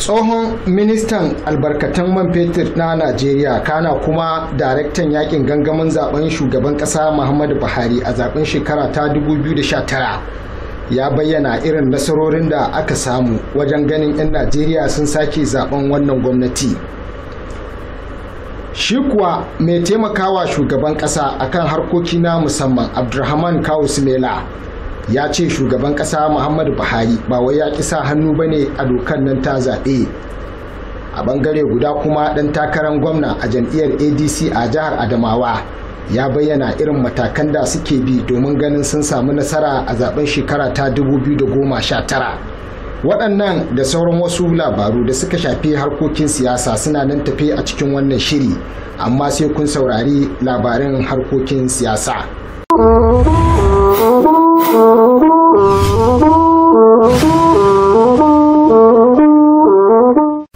Tsohon ministan albarkatun man fetur na najeriya kana kuma daraktan yakin gangamin zaben shugaban kasa muhammadu buhari a zaben shekara ta 2019 ya bayyana irin nasarorin da aka samu wajen ganin 'yan najeriya sun sake zaben wannan gwamnati shi kuwa mai taimakawa shugaban kasa akan harkoki na musamman abdulrahman Kawus sulela ya ce shugaban kasa muhammadu buhari ba wai ya kisa hannu ba ne a dokar nan ta zaɓe a bangare guda kuma ɗan takarar gwamna a jam'iyyar adc a jihar adamawa ya bayyana irin matakan da suke bi domin ganin sun samu nasara a zaben shekara ta 2019 waɗannan da sauran wasu labaru da suka shafi harkokin siyasa suna nan tafe a cikin wannan shiri amma sai kun saurari labarin harkokin siyasa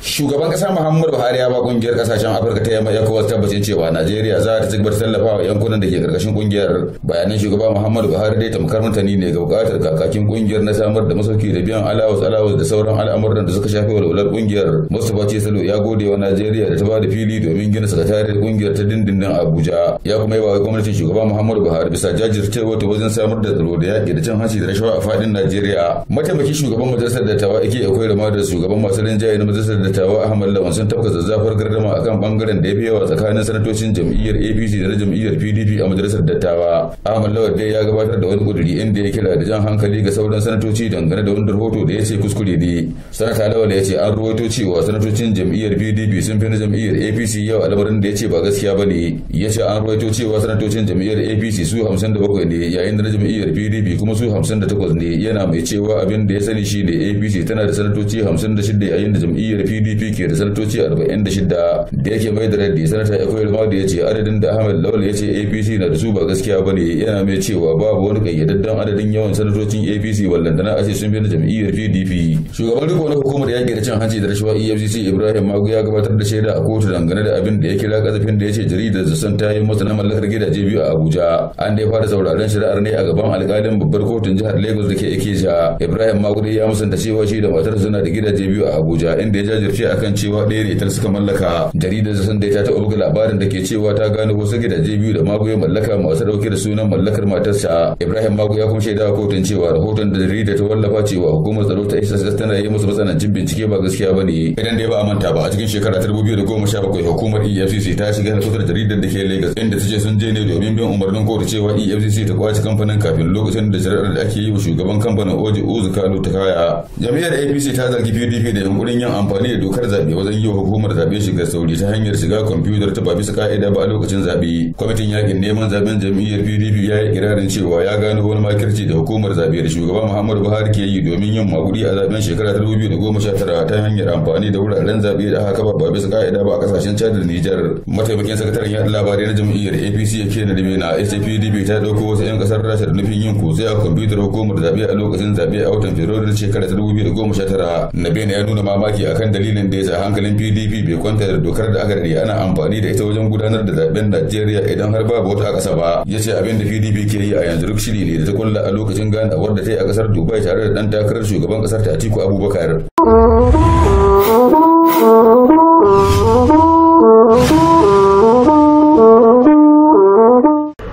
shugaban ƙasar muhammadu Buhari ya ba kungiyar kasashen Afirka ta yamma ECOWAS tabbacin cewa Najeriya za ta cigaba da tallafawa yankunan da ke karkashin kungiyar. Bayanan shugaba Muhammadu Buhari dai tamkar mutane ne ga bukatar kakakin kungiyar na samar da masauki da biyan alawus alawus da sauran al'amuran da suka shafi walwalar kungiyar. Mustapha salo ya gode wa Najeriya da ta ba da fili domin gina sakatariyar kungiyar ta dindindin Abuja. Ya kuma wa gwamnatin shugaba Muhammadu Buhari bisa jajircewa ta wajen samar da tsaro da yaƙi da cin hanci da rashawa a faɗin Najeriya. Mataimakin shugaban majalisar dattawa Ike Ekwe da shugaban masu rinjaye na majalisar dattawa Ahmad Lawan sun ɗaukar zazzafar gardama akan bangaren da ya fi yawa tsakanin sanatocin jam'iyyar apc da na jam'iyyar pdp a majalisar dattawa ahmad lawal dai ya gabatar da wani ƙuduri inda ya kira da jan hankali ga sauran sanatoci dangane da wani rahoto da ya ce kuskure ne sanata lawal ya ce an ruwaito cewa sanatocin jam'iyyar pdp sun fi na jam'iyyar apc yau a lamarin da ya ce ba gaskiya ba ne ya ce an ruwaito cewa sanatocin jam'iyyar apc su hamsin da bakwai ne yayin da na jam'iyyar pdp kuma su hamsin da takwas ne yana mai cewa abin da ya sani shi ne apc tana da sanatoci hamsin da shida yayin da jam'iyyar pdp ke da sanatoci 46 da yake mai da raddi sanata Ekoyel da ya ce adadin da Ahmed Lawal ya ce APC na da su ba gaskiya ba ne. yana mai cewa babu wani kayyadaddan adadin yawan sanatocin APC wallantana a ce sun bi na jam'iyyar PDP. Shugaban riko na hukumar yaƙi da cin hanci da rashawa EFCC Ibrahim Magu ya gabatar da shaida a kotu dangane da abin da ya kira kazafin da ya ce jaridar da zasan ta yi masa na mallakar gidaje biyu a Abuja. An dai fara sauraren shari'ar ne a gaban alƙalin babbar kotun jihar Lagos da ke Ikeja. Ibrahim Magu ya musanta cewa shi da matar suna da gidaje biyu a Abuja inda ya jajirce akan cewa ɗaya ne da suka mallaka jaridar sun da ta ulga labarin da ke cewa ta gano wasu gidaje biyu da magoya mallaka masu dauke da sunan mallakar matarsa ibrahim magoya ya kuma shaida a kotun cewa rahoton da jarida ta wallafa cewa hukumar tsaro ta sss tana yi musu matsanancin bincike ba gaskiya ba ne idan ya ba a manta ba a cikin shekara ta 2017 hukumar efcc ta shiga harkotar jaridar da ke lagos inda ta ce sun je ne domin bin umarnin kotu cewa efcc ta kwace kamfanin kafin lokacin da jaridar da ake yi wa shugaban kamfanin oji uzu kano ta kaya jami'ar apc ta zargi pdp da yunkurin yin amfani da dokar zaɓe wajen yi wa hukumar zaɓe shiga sauri ta hanyar shiga kwamfutar ta ba bisa ka'ida ba a lokacin zaɓe kwamitin yakin neman zaɓen jam'iyyar pdp ya yi kirarin cewa ya gano wani makirci da hukumar zaɓe da shugaba muhammadu buhari ke yi domin yin maguri a zaɓen shekara ta dubu biyu da goma sha tara ta hanyar amfani da wuraren zaɓe da aka kafa ba bisa ka'ida ba a kasashen chad da nijar mataimakin sakataren yaɗa labarai na jam'iyyar apc ya ke na na pdp ta ɗauko wasu 'yan ƙasar rasha da nufin yin kutse a kwamfutar hukumar zaɓe a lokacin zaɓe a watan fabrairun shekara ta dubu biyu da goma sha tara na ya nuna mamaki akan dalilin da ya sa hankalin pdp pdp bai kwanta da dokar da aka daɗe ana amfani da ita wajen gudanar da zaben najeriya idan har babu wata kasa ba ya ce abin da pdp ke yi a yanzu duk shiri ne da ta kulla a lokacin ganawar da ta yi a ƙasar dubai tare da ɗan takarar shugaban ƙasar ta atiku abubakar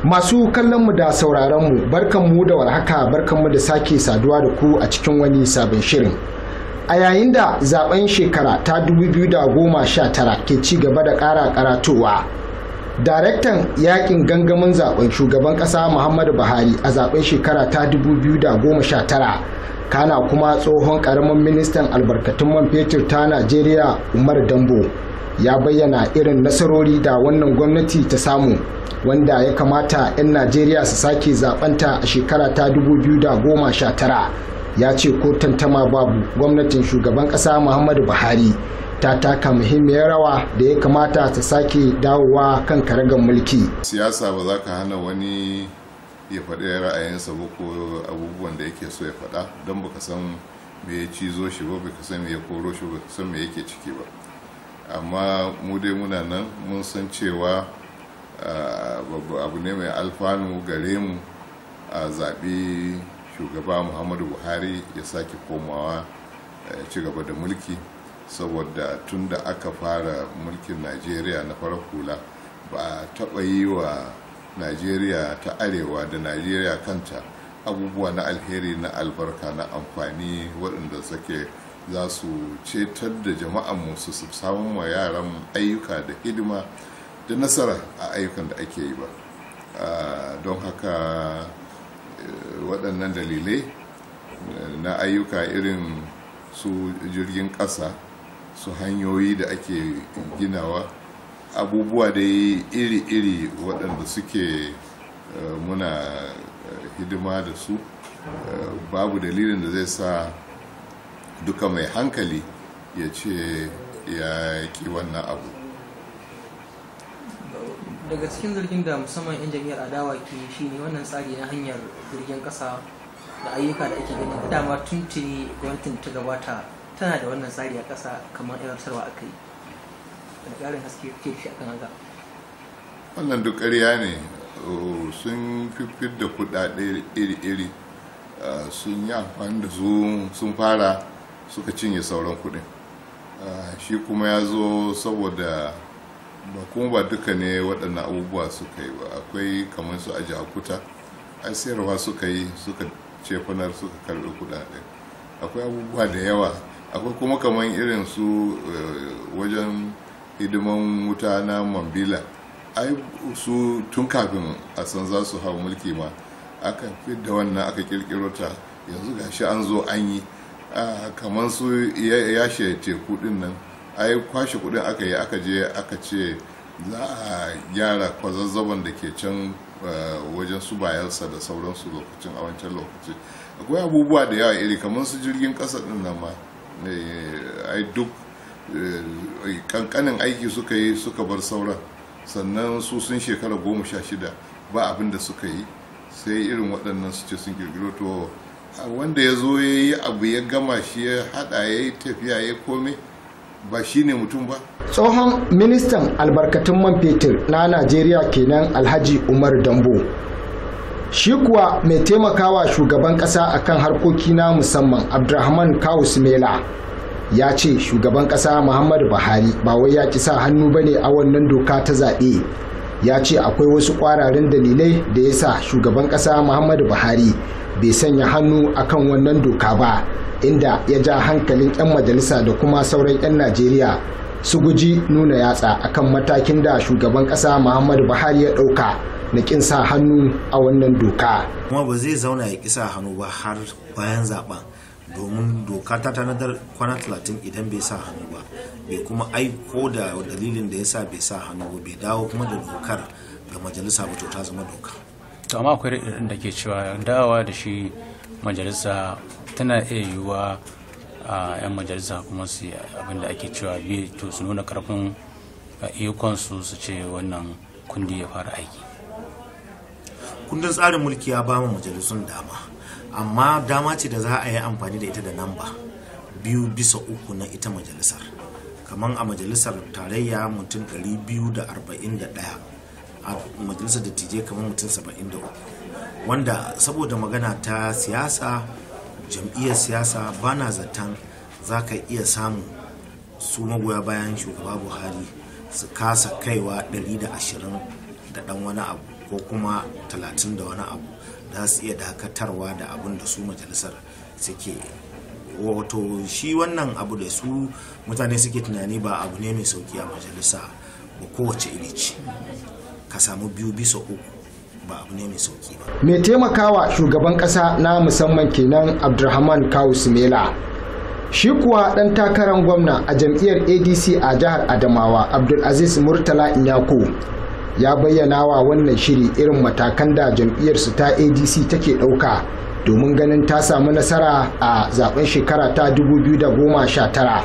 masu kallon mu da sauraron mu barkan mu da warhaka barkan mu da sake saduwa da ku a cikin wani sabon shirin a yayin da zaben shekara ta 2019 ke ci gaba da ƙara karatowa daraktan yakin gangamin zaben shugaban ƙasa muhammadu buhari a zaben shekara ta 2019 kana kuma tsohon ƙaramin ministan albarkatun man fetur ta najeriya umar dambo ya bayyana irin nasarori da wannan gwamnati ta samu wanda ya kamata 'yan najeriya su sake zaɓenta a shekara ta 2019 ya ce ko tantama babu gwamnatin shugaban kasa muhammadu buhari ta taka muhimmiyar rawa da ya kamata ta sake dawowa kan karagar mulki siyasa ba za ka hana wani ya faɗi ra'ayinsa ba ko abubuwan da yake so ya faɗa don baka san me ya cizo shi ba baka san me ya koro shi ba san me yake ciki ba amma mu dai muna nan mun san cewa ah, abu ne mai alfanu gare mu a zaɓe. shugaba muhammadu buhari ya sake komawa eh, ci gaba da mulki saboda tun da aka fara mulkin najeriya na farar hula ba a taɓa yi wa najeriya ta arewa da najeriya kanta abubuwa na alheri na albarka na amfani waɗanda suke za su cetar da jama'anmu su samun wa yaran ayyuka da hidima da nasara a ayyukan da ake yi ba ah, don haka waɗannan dalilai eh, na ayyuka irin su jirgin ƙasa su hanyoyi da ake ginawa abubuwa da iri-iri waɗanda suke eh, muna eh, hidima da su babu dalilin da zai sa duka mai hankali ya ce ya ki wannan abu daga cikin zargin da musamman 'yan jami'ar adawa ke shi ne wannan tsari na hanyar jirgin kasa da ayyuka da ake gani dama tuntuni gwamnatin ta gabata tana da wannan tsari a kasa kamar sarwa aka yi da karin haske ke shi akan haka wannan duk ƙarya ne oh, sun fiffid da kuɗaɗe iri-iri ah, sun yi amfani da su sun fara suka cinye sauran kuɗin ah, shi kuma ya zo saboda ba kuma ba duka ne waɗannan abubuwa suka yi ba akwai kamar su aji akuta a sayarwa suka yi suka cefanar suka karɓi kuɗaɗe akwai abubuwa da yawa akwai kuma kamar irin su eh, wajen hidiman wuta na mambila ai su tun kafin a san za su hau mulki ma aka fi da wannan aka kirkiro ta yanzu gashi an zo an yi ah, kamar su yashe teku din nan ai kwashe kudin aka yi aka je aka ce za a gyara kwazazzaban da ke can eh, wajen su bayansa da sauransu lokacin a wancan lokaci akwai abubuwa da yawa iri kamar su jirgin kasa din nan ma eh, ai duk kankanin eh, aiki suka yi suka bar sauran sannan su sun shekara goma sha shida ba abin da suka yi sai irin waɗannan su ce sun kirkiro to wanda ya zo ya yi abu ya gama shi ya haɗa ya yi tafiya ya komai ba shi ne mutum ba. Tsohon ministan albarkatun man fetur na Najeriya kenan Alhaji Umar Dambo. Shi kuwa mai taimakawa shugaban ƙasa akan harkoki na musamman Abdurrahman Kawus Mela ya ce shugaban ƙasa Muhammadu Buhari ba wai ya ki sa hannu ba ne a wannan doka ta zaɓe. Ya ce akwai wasu ƙwararin dalilai da ya sa shugaban ƙasa Muhammadu Buhari bai sanya hannu akan wannan doka ba inda ya ja hankalin 'yan majalisa da kuma sauran 'yan najeriya su guji nuna yatsa akan matakin da shugaban kasa muhammadu buhari ya dauka na kin sa hannu a wannan doka kuma ba zai zauna ya kisa hannu ba har bayan zaɓen domin doka ta tanadar kwana 30 idan bai sa hannu ba bai kuma aiko da dalilin da ya sa bai sa hannu ba bai dawo kuma da dokar ga majalisa ba to ta zama doka to amma akwai irin da ke cewa dawa da shi majalisa tana iya yiwuwa a 'yan majalisa kuma su abin da ake cewa bi to su nuna karfin ikonsu su ce wannan kundi ya fara aiki kundin tsarin mulki ya ba majalisun dama amma dama ce da za a yi amfani da ita da namba biyu bisa uku na ita majalisar kamar a majalisar tarayya mutum 241 a majalisar dattijai kamar mutum 73 wanda saboda magana ta siyasa jam'iyyar siyasa ba na zaton za ka iya samu su magoya bayan shugaba buhari su kasa kaiwa 120 da dan wani abu ko kuma 30 da wani abu za su iya dakatarwa da abin da su majalisar suke wato shi wannan abu da su mutane suke tunani ba abu ne mai sauki a majalisa ba kowace ilici. ka samu biyu bisa uku ba abu ne mai sauki ba. Mai taimakawa shugaban kasa na musamman kenan Abdulrahman Kawu Sumela. Shi kuwa ɗan takarar gwamna a jam'iyyar ADC a jihar Adamawa Abdulaziz Murtala Inyako ya bayyana wa wannan shiri irin matakan da jam'iyyarsu ta ADC take ɗauka domin ganin ta samu nasara a zaben shekara ta 2019.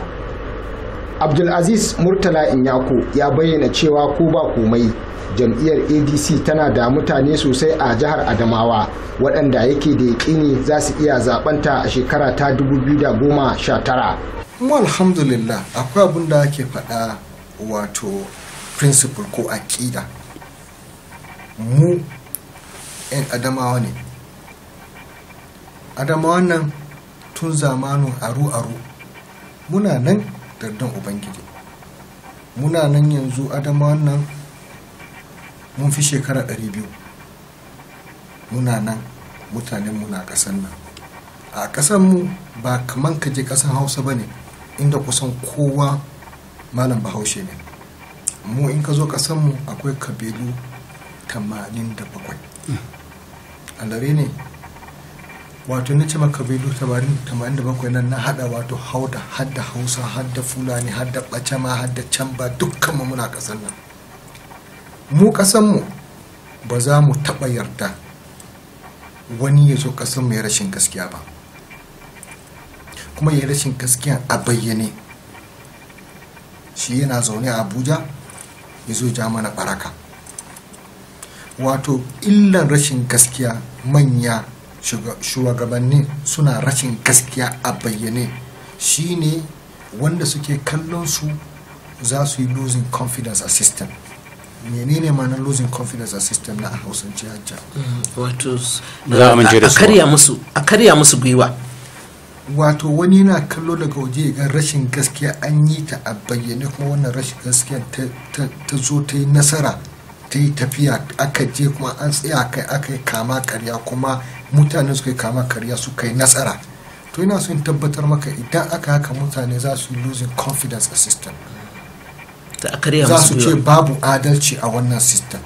Abdulaziz Murtala Inyako ya bayyana cewa ko ba komai jam'iyyar adc tana da mutane sosai a jihar adamawa waɗanda yake da yaƙini za su iya zaɓanta a shekara ta 2019 kuma alhamdulillah akwai abin da ake faɗa wato principal ko aƙida mu 'yan adamawa ne adamawa nan tun zamanin aru-aru muna nan dardan ubangiji muna nan yanzu adamawa nan mun fi shekara 200 muna nan mutanenmu na ƙasar nan a ƙasar mu ba kaman ka je ƙasar hausa ba ne inda kusan kowa malam bahaushe ne mu in ka zo ƙasar mu akwai kabilu 87 lare ne wato na ce tamanin kabilu 87 nan na hada wato hauda hadda hausa hadda fulani hadda bacama hadda can ba dukkanmu muna ƙasar nan mu ƙasanmu ba za mu taɓa yarda wani ya zo ƙasanmu ya rashin gaskiya ba kuma ya rashin gaskiya a bayyane shi yana zaune a abuja ya zo ja mana baraka wato illan rashin gaskiya manya shugabanni suna rashin gaskiya a bayyane shi ne wanda suke kallon su za su yi losing confidence a system menene ma na losing confidence a system na hausance hajja mm, wato a karya musu a karya musu gwiwa wato wani yana kallo daga waje ga rashin gaskiya an yi ta a bayyane kuma wannan rashin gaskiya ta zo ta yi nasara ta yi tafiya aka je kuma an tsaya kai aka yi kama karya kuma mutane suka yi kama karya suka yi nasara to ina so in tabbatar maka idan aka haka mutane za su yi losing confidence a system za su ce babu adalci a wannan system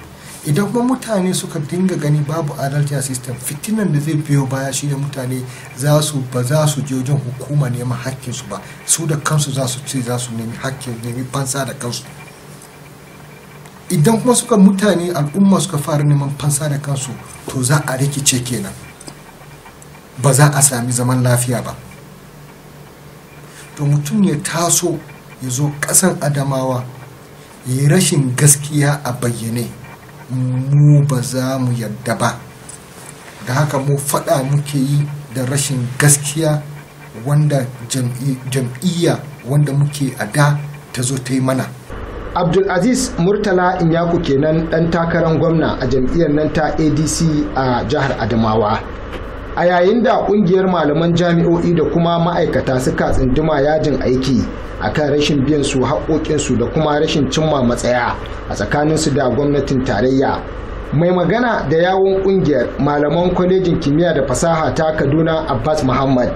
idan kuma mutane suka dinga gani babu adalci a system fitinan da zai biyo baya shi da mutane za su ba za su je wajen hukuma neman hakkin su ba su da kansu za su ce za su nemi hakkin nemi fansa da kansu idan kuma suka mutane al'umma suka fara neman fansa da kansu to za a rikice kenan ba za a sami zaman lafiya ba to mutum ya taso ya zo kasan adamawa yi rashin gaskiya a bayyane mu ba za mu yadda ba da haka mu faɗa muke yi da rashin gaskiya wanda jam'iyya wanda muke a da ta zo ta yi mana abdulaziz murtala inyaku kenan ɗan takarar gwamna a jam'iyyar nan ta adc a jihar adamawa a yayin da kungiyar malaman jami'o'i da kuma ma'aikata suka tsinduma yajin aiki a kan rashin biyan su haƙoƙinsu da kuma rashin cimma matsaya a tsakaninsu da gwamnatin tarayya mai magana da yawon kungiyar malaman kwalejin kimiyya da fasaha ta kaduna abbas muhammad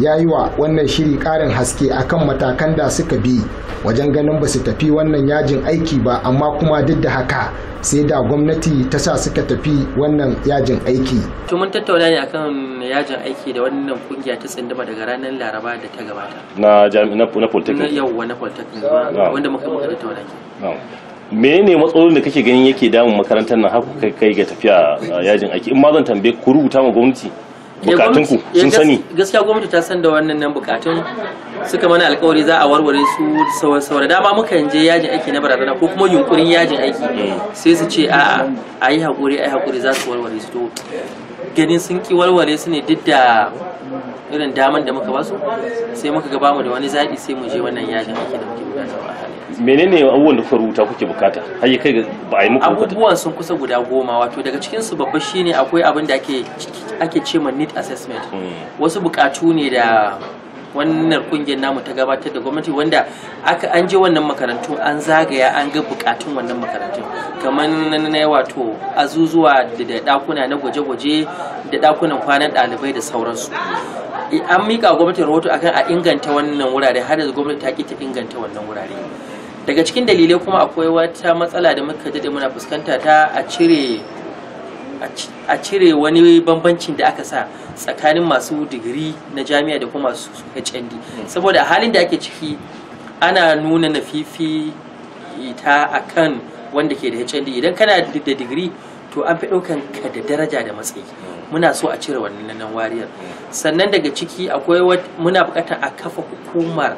ya yi wa wannan shiri ƙarin haske akan matakan da suka bi wajen ganin ba su tafi wannan yajin aiki ba amma kuma duk da haka sai da gwamnati ta sa suka tafi wannan yajin aiki. To mun tattauna ne akan yajin aiki da wannan kungiya ta tsinduma daga ranar Laraba da ta gabata. Na jami'in na Na Yawwa na Polytechnic wanda muka muka tattauna ke. menene matsalolin da kake ganin yake damun makarantar nan haka kai ga tafiya yajin aiki in ma zan tambaye ku rubuta ma gwamnati bukatunku sun sani gaskiya gwamnati ta san da wannan nan bukatun suka mana alkawari za a warware su sau da dama mukan je yajin aiki na barazana ko kuma yunkurin yajin aiki mm. sai su ce a'a a yi haƙuri a yi haƙuri za su warware su to ganin sun ki walwale su ne duk da irin daman da muka basu sai muka gaba mu da wani zaɓi sai mu je wannan yajin ake da muke bukata a mene menene abubuwan da kuka rubuta kuke bukata har yi kai ga ba a yi muku abubuwan sun kusa guda goma wato daga cikin su babba shine akwai abin da ake ake ce ma need assessment hmm. wasu bukatu ne da wannan kungiyar namu ta gabatar da gwamnati wanda aka an je wannan makarantu an zagaya an ga bukatun wannan makarantu kamar na wato azuzuwa da dakuna na gwaje-gwaje da dakunan kwanan ɗalibai da sauransu an mika gwamnati rahoto akan a inganta wannan wurare har da gwamnati ta ki ta inganta wannan wurare daga cikin dalilai kuma akwai wata matsala da muka da muna fuskanta ta a cire a cire wani bambancin da aka sa tsakanin masu digiri na jami'a da kuma masu hnd hmm. saboda a halin da ake ciki ana nuna na fifi ta a kan wanda ke da hnd idan kana da digiri to an fi ɗaukan ka da daraja da matsayi hmm. muna so a cire wannan wariyar hmm. sannan daga ciki akwai muna buƙatar a kafa hukumar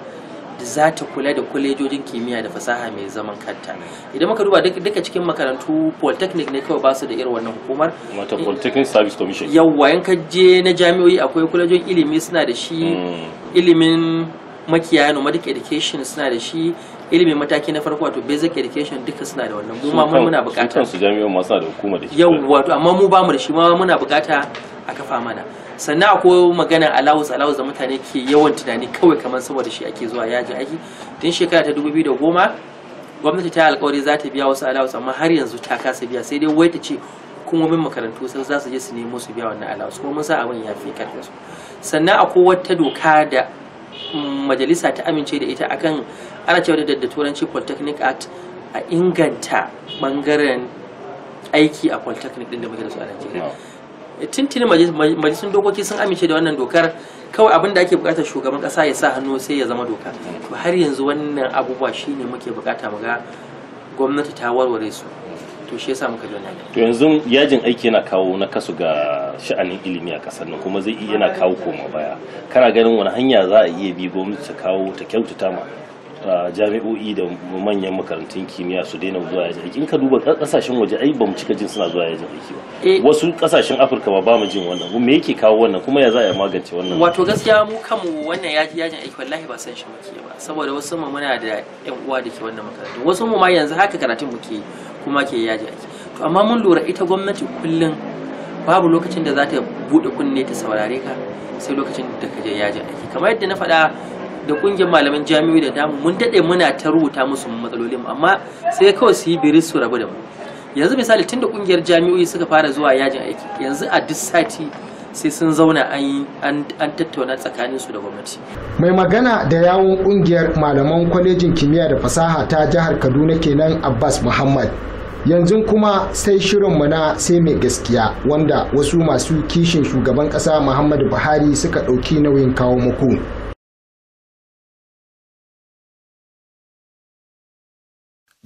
da za ta kula da kwalejojin kimiyya da fasaha mai zaman kanta idan muka duba duka cikin makarantu polytechnic ne kawai basu da irin wannan hukumar wata polytechnic service commission yawwa yan je na jami'o'i akwai kwalejojin ilimi suna da shi hmm. ilimin makiya nomadic education suna da shi ilimin mataki na farko wato basic education duka suna da wannan mu ma muna bukata su jami'o'i ma suna da hukuma da shi yawwa amma mu ba mu da shi ma muna bukata a kafa mana sannan akwai magana allowance allowance da mutane ke yawan tunani kawai kamar saboda shi ake zuwa yaji aiki tun shekara ta 2010 gwamnati ta alkawari za ta biya wasu allowance amma har yanzu ta kasa biya sai dai wai ta ce hukumomin makarantu sun za su je su nemo su biya wannan allowance kuma mun sa abin ya fi karfe su sannan akwai wata doka da mm, majalisa ta amince da ita akan ana cewa da turanci polytechnic act a inganta bangaren aiki a polytechnic din da muke da su a Najeriya tuntuni majalisun dokoki sun amince da wannan dokar kawai abin da ake bukatar shugaban kasa ya sa hannu sai ya zama doka to har yanzu wannan abubuwa shine muke bukata mu ga gwamnati ta warware su to shi yasa muka jona to yanzu yajin aiki yana kawo na kasu ga sha'anin ilimi a kasar nan kuma zai iya yana kawo koma baya kana ganin wani hanya za a iya bi gwamnati ta kawo ta kyautata ma jami'o'i da manyan makarantun kimiyya su daina zuwa yajin aiki in ka duba kasashen waje ai bamu cika jin suna zuwa yajin aiki ba eh. wasu kasashen afirka ba bamu jin wannan me yake kawo wannan kuma ya za a magance wannan wato gaskiya mu kanmu wannan yaji yajin aiki wallahi ba san shi muke ba saboda wasu mu muna da yan uwa da ke wannan makarantu wasu mu ma yanzu haka karatun muke kuma ke yaji aiki to amma mun lura ita gwamnati kullum babu lokacin da za ta buɗe kunne ta saurare ka sai lokacin da ka je yajin aiki kamar yadda na faɗa da kungiyar malaman jami'o'i da damu mun daɗe muna ta rubuta musu matsalolin amma sai kawai su yi biri su rabu da mu yanzu misali tun da kungiyar jami'o'i suka fara zuwa yajin aiki yanzu a duk sati sai sun zauna an tattauna tsakanin su da gwamnati. Mai magana da yawun kungiyar malaman kwalejin kimiyya da fasaha ta jihar Kaduna kenan Abbas Muhammad. Yanzu kuma sai shirinmu na sai mai gaskiya wanda wasu masu kishin shugaban ƙasa Muhammadu Buhari suka ɗauki nauyin kawo muku.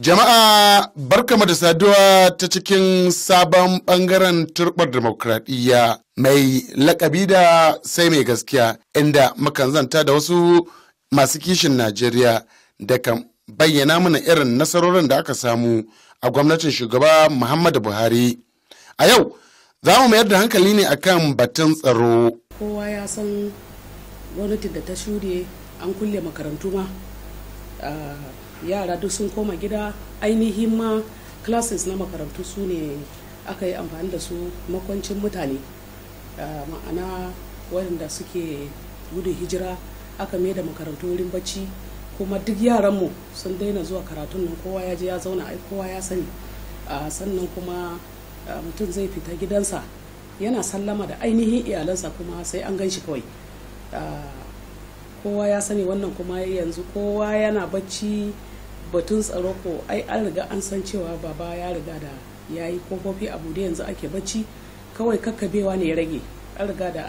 Jama'a barkama da saduwa ta cikin sabon bangaren turbar demokradiyya mai lakabi da sai mai gaskiya inda mukan zanta da wasu masu kishin Najeriya da kan bayyana mana irin nasarorin da aka samu a gwamnatin shugaba Muhammadu Buhari. A yau za mu mayar da hankali ne akan batun tsaro. Kowa ya san gwamnatin da ta shuri an kulle makarantu ma. Ah, yara duk sun koma gida ainihin ma classes na makarantu su ne aka yi amfani da su makwancin mutane ah, ma'ana waɗanda suke gudun hijira aka mai da makarantu wurin bacci kuma duk yaranmu sun daina zuwa karatun nan kowa ya je ya zauna ai kowa ya sani ah, sannan kuma ah, mutum zai fita gidansa yana sallama da ainihin iyalansa kuma sai an gan shi kawai kowa ya sani wannan kuma yanzu kowa yana bacci batun tsaro ko ai an riga an san cewa baba ya riga da ya yi kofofi abu da yanzu ake bacci kawai kakkabewa ne ya rage an riga da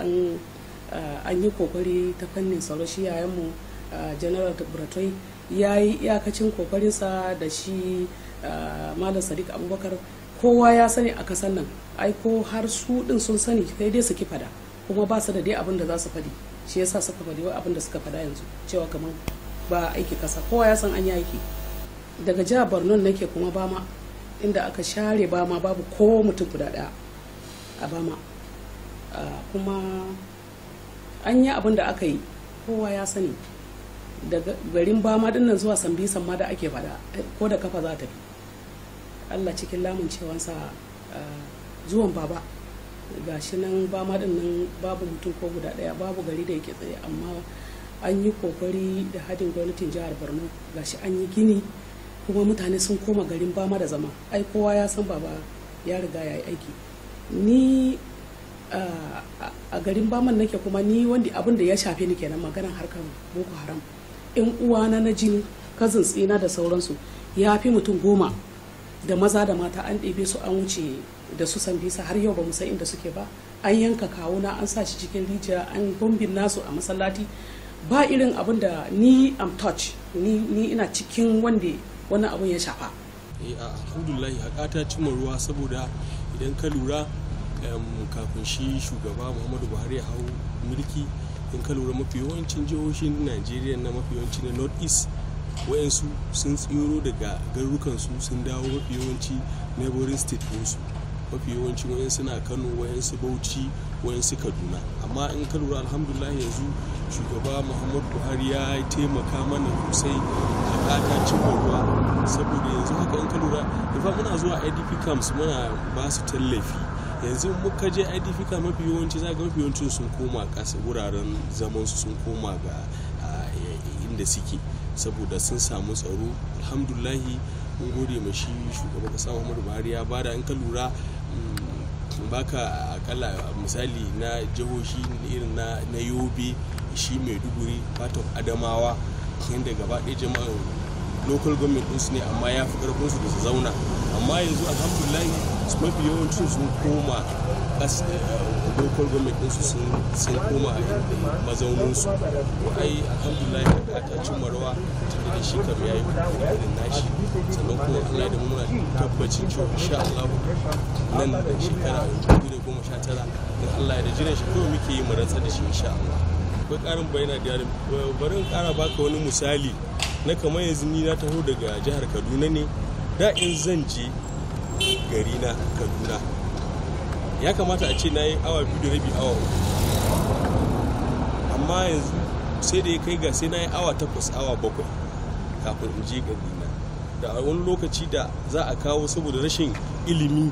an yi kokari ta fannin tsaro shi yayanmu general buratai ya yi iyakacin kokarinsa da shi malam sadiq abubakar kowa ya sani a kasan nan ai ko har su din sun sani sai dai su kifada kuma ba su da dai abin da za su fadi shi yasa suka fadi abin da suka fada yanzu cewa kamar ba aiki kasa kowa ya san an yi aiki daga jihar borno nake kuma bama inda aka share bama babu ko mutum guda daya a bama ah, kuma an yi abin da aka yi kowa ya sani daga garin bama dinnan zuwa sambisan ma da ake fada eh, ko da kafa za ta fi allah cikin lamun cewansa ah, zuwan baba ga shi nan bama dinnan babu mutum ko guda daya babu gari da yake tsaye amma an yi kokari da hadin gwamnatin jihar borno ga shi an yi gini kuma mutane sun koma garin bama da zama ai kowa ya san baba ya riga ya yi aiki ni a garin baman nake kuma ni wanda abin da ya shafe ni kenan maganar harkar boko haram in uwana na jini kazin tsina da sauransu ya fi mutum goma da maza da mata an ɗebe su an wuce da su san bisa har yau ba mu san inda suke ba an yanka kawuna an sa shi cikin rijiya an gombin nasu a masallaci ba irin abin da ni am touch ni ina cikin wanda wannan abun ya shafa eh, a alhamdulillahi haƙata cimma ruwa saboda idan ka lura kafin shi shugaba muhammadu buhari ya hau mulki in ka lura mafi yawancin jihohin najeriya na mafi yawanci na north east wayansu sun tsiro daga garurukansu sun dawo mafi yawanci neighboring state su mafi yawancin wayan suna kano wayan bauchi wayan kaduna amma in ka lura alhamdulillah yanzu shugaba muhammadu buhari ya taimaka mana sosai a ta cimma ruwa saboda yanzu haka in ka lura ifa muna zuwa idp camps muna ba su tallafi yanzu muka je idp camp mafi yawanci za ga mafi yawancin sun koma kasa wuraren zaman sun koma ga inda suke saboda sun samu tsaro alhamdulahi mun gode ma shi shugaban kasa Muhammadu Buhari ya bada in ka lura mm, baka akalla misali na jihohi irin na na Yobe shi Maiduguri part of Adamawa yadda gaba ɗaya jama'a local government su ne amma ya fi ƙarfinsu da su zauna amma yanzu alhamdulillah su mafi yawancin sun koma eh, local government su sun koma a su ai alhamdulillahi ta cimma rawa tun da shi kam ya yi irin nashi sannan kuma Allah da muna tabbacin cewa insha Allah nan da shekara da goma sha tara da Allah ya da jiran shi kawai muke yi mu rantsar da shi insha Allah akwai ƙarin bayana da yarin bari in kara baka wani misali na kamar yanzu ni na taho daga jihar Kaduna ne da in zan je gari na Kaduna ya kamata a ce na yi awa biyu da rabi awa amma yanzu sai da ya kai ga sai na yi awa takwas awa bakwai kafin in je gari da a wani lokaci da za a kawo saboda rashin ilimi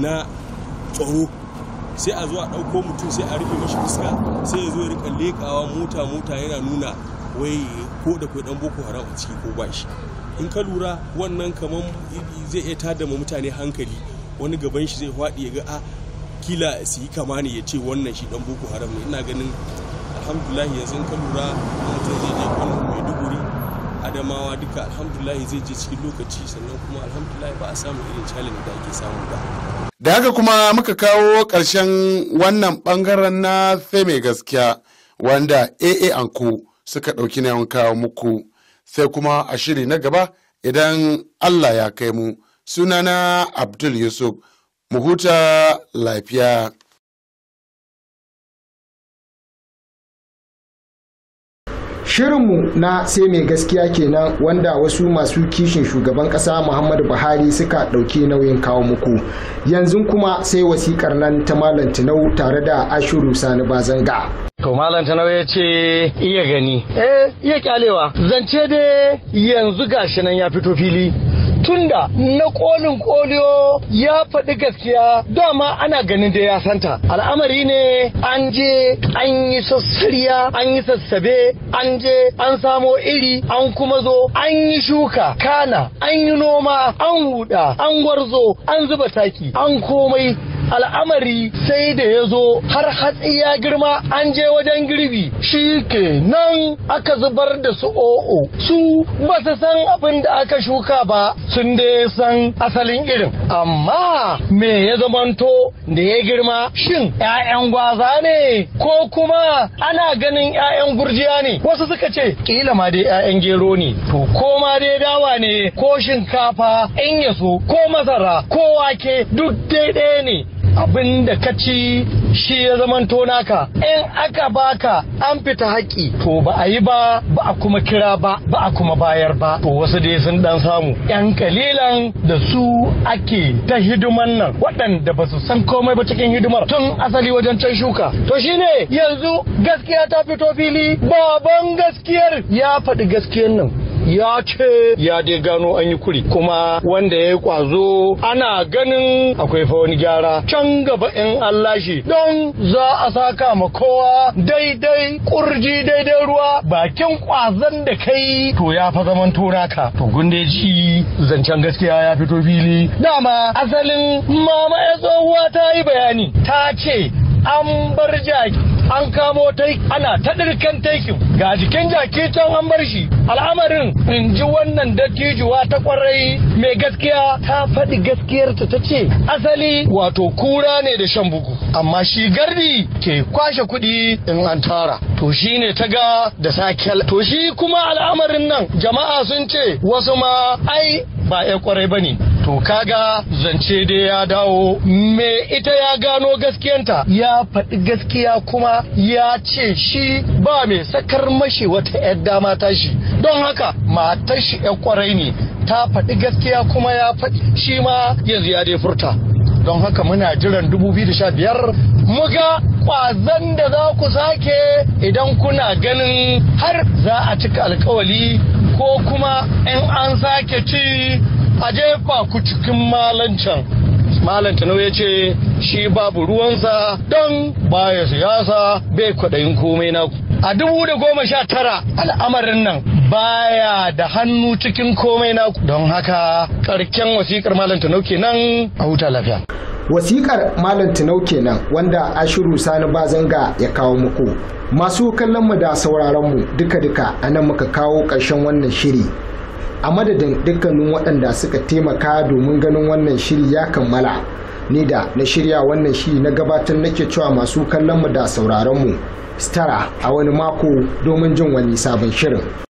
na tsaro sai a zo a ɗauko mutum sai a rufe mashi fuska sai ya zo ya rika lekawa mota mota yana nuna wai ko da kai dan boko haram a ciki ko ba shi in ka lura wannan kamar zai iya tada ma mutane hankali wani gaban shi zai faɗi ya ga a ah, kila su yi kama ne ya ce wannan shi dan boko haram ne ina ganin alhamdulillah yanzu in ka lura mutum zai je kwano mai duguri adamawa duka alhamdulahi zai je cikin lokaci sannan kuma alhamdulahi ba a samu irin challenge da ake samu ba da haka kuma muka kawo ƙarshen wannan bangaren na mai gaskiya wanda aa anko suka ɗauki nayin kawo muku sai kuma a shiri na gaba idan allah ya kai mu sunana abdul yusuf mu huta lafiya shirinmu na sai mai gaskiya kenan wanda wasu masu kishin shugaban kasa muhammadu buhari suka ɗauki nauyin kawo muku yanzu kuma sai wasikar nan ta malam tinau tare da ashiru sani bazanga to malam tinau ya ce iya gani eh iya kyalewa zance dai yanzu gashi nan ya fito fili tunda na kolin koliyo ya faɗi gaskiya dama ana ganin da ya santa al'amari ne an je an yi sassariya an yi sassabe an je an samo iri an kuma zo an yi shuka kana an yi noma an huda an gwarzo an zuba taki an komai al'amari sai da ya zo har hatsi ya girma an je wajen girbi shi ke nan aka zubar da su o'o su ba su san abin da aka shuka ba sun ya san asalin irin amma me ya zamanto da ya girma shin 'ya'yan gwaza ne ko kuma ana ganin 'ya'yan gurjiya ne wasu suka ce kila ma dai 'ya'yan gero ne to ko ma dai dawa ne ko shinkafa in yaso ko masara ko wake duk daidai ne abin da ka ci shi ya zamanto naka in aka baka an fita haƙƙi to ba a yi ba ba a kuma kira ba ba a kuma bayar ba to wasu dai sun dan samu yan kalilan da su ake ta hidiman nan waɗanda ba su san komai ba cikin hidimar tun asali wajen can shuka to shine yanzu gaskiya ta fito fili baban gaskiyar ya faɗi gaskiyar nan ya ce ya dai gano an yi kuri kuma wanda ya yi kwazo ana ganin akwai fa wani gyara can gaba in Allah shi don za a saka ma kowa daidai kurji daidai ruwa bakin kwazon da kai to ya fa zaman turaka to gunde ji zancen gaskiya ya fito fili dama asalin mama ya tsohuwa ta yi bayani ta ce an bar jaki an kamo tai ana ta dirkan taikin ga jikin jaki can an bar shi al'amarin in ji wannan dattijuwa ta kwarai mai gaskiya ta faɗi gaskiyarta ta ce asali wato kura ne da shan bugu amma shi gardi ke kwashe kuɗi in an tara to shi ne ta ga da sakel to shi kuma al'amarin nan jama'a sun ce wasu ma ai ba ya kwarai bane to kaga zance dai ya dawo me ita ya gano gaskiyanta ya faɗi gaskiya kuma ya ce shi ba mai sakar mashi wata 'yar dama tashi don haka matar shi 'yar kwarai ne ta faɗi gaskiya kuma ya faɗi shi ma yanzu ya dai furta don haka muna jiran 2015 muga kwazan da za ku sake idan kuna ganin har za a cika alkawali ko kuma in an sake ci a jefa ku cikin malancan malam tanau ya ce shi babu ruwansa don baya siyasa bai kwaɗayin komai naku a dubu da goma sha tara al'amarin nan baya da hannu cikin komai naku don haka karken wasikar malam tanau kenan a huta lafiya wasikar malam tinau kenan wanda ashiru sani ba bazanga ya kawo muku masu kallon mu da sauraron mu duka-duka nan muka kawo ƙarshen wannan shiri a madadin dukkanin waɗanda suka taimaka domin ganin wannan shiri ya kammala ni da na shirya wannan shiri na gabatar nake cewa masu kallonmu da sauraronmu mu stara a wani mako domin jin wani sabon shirin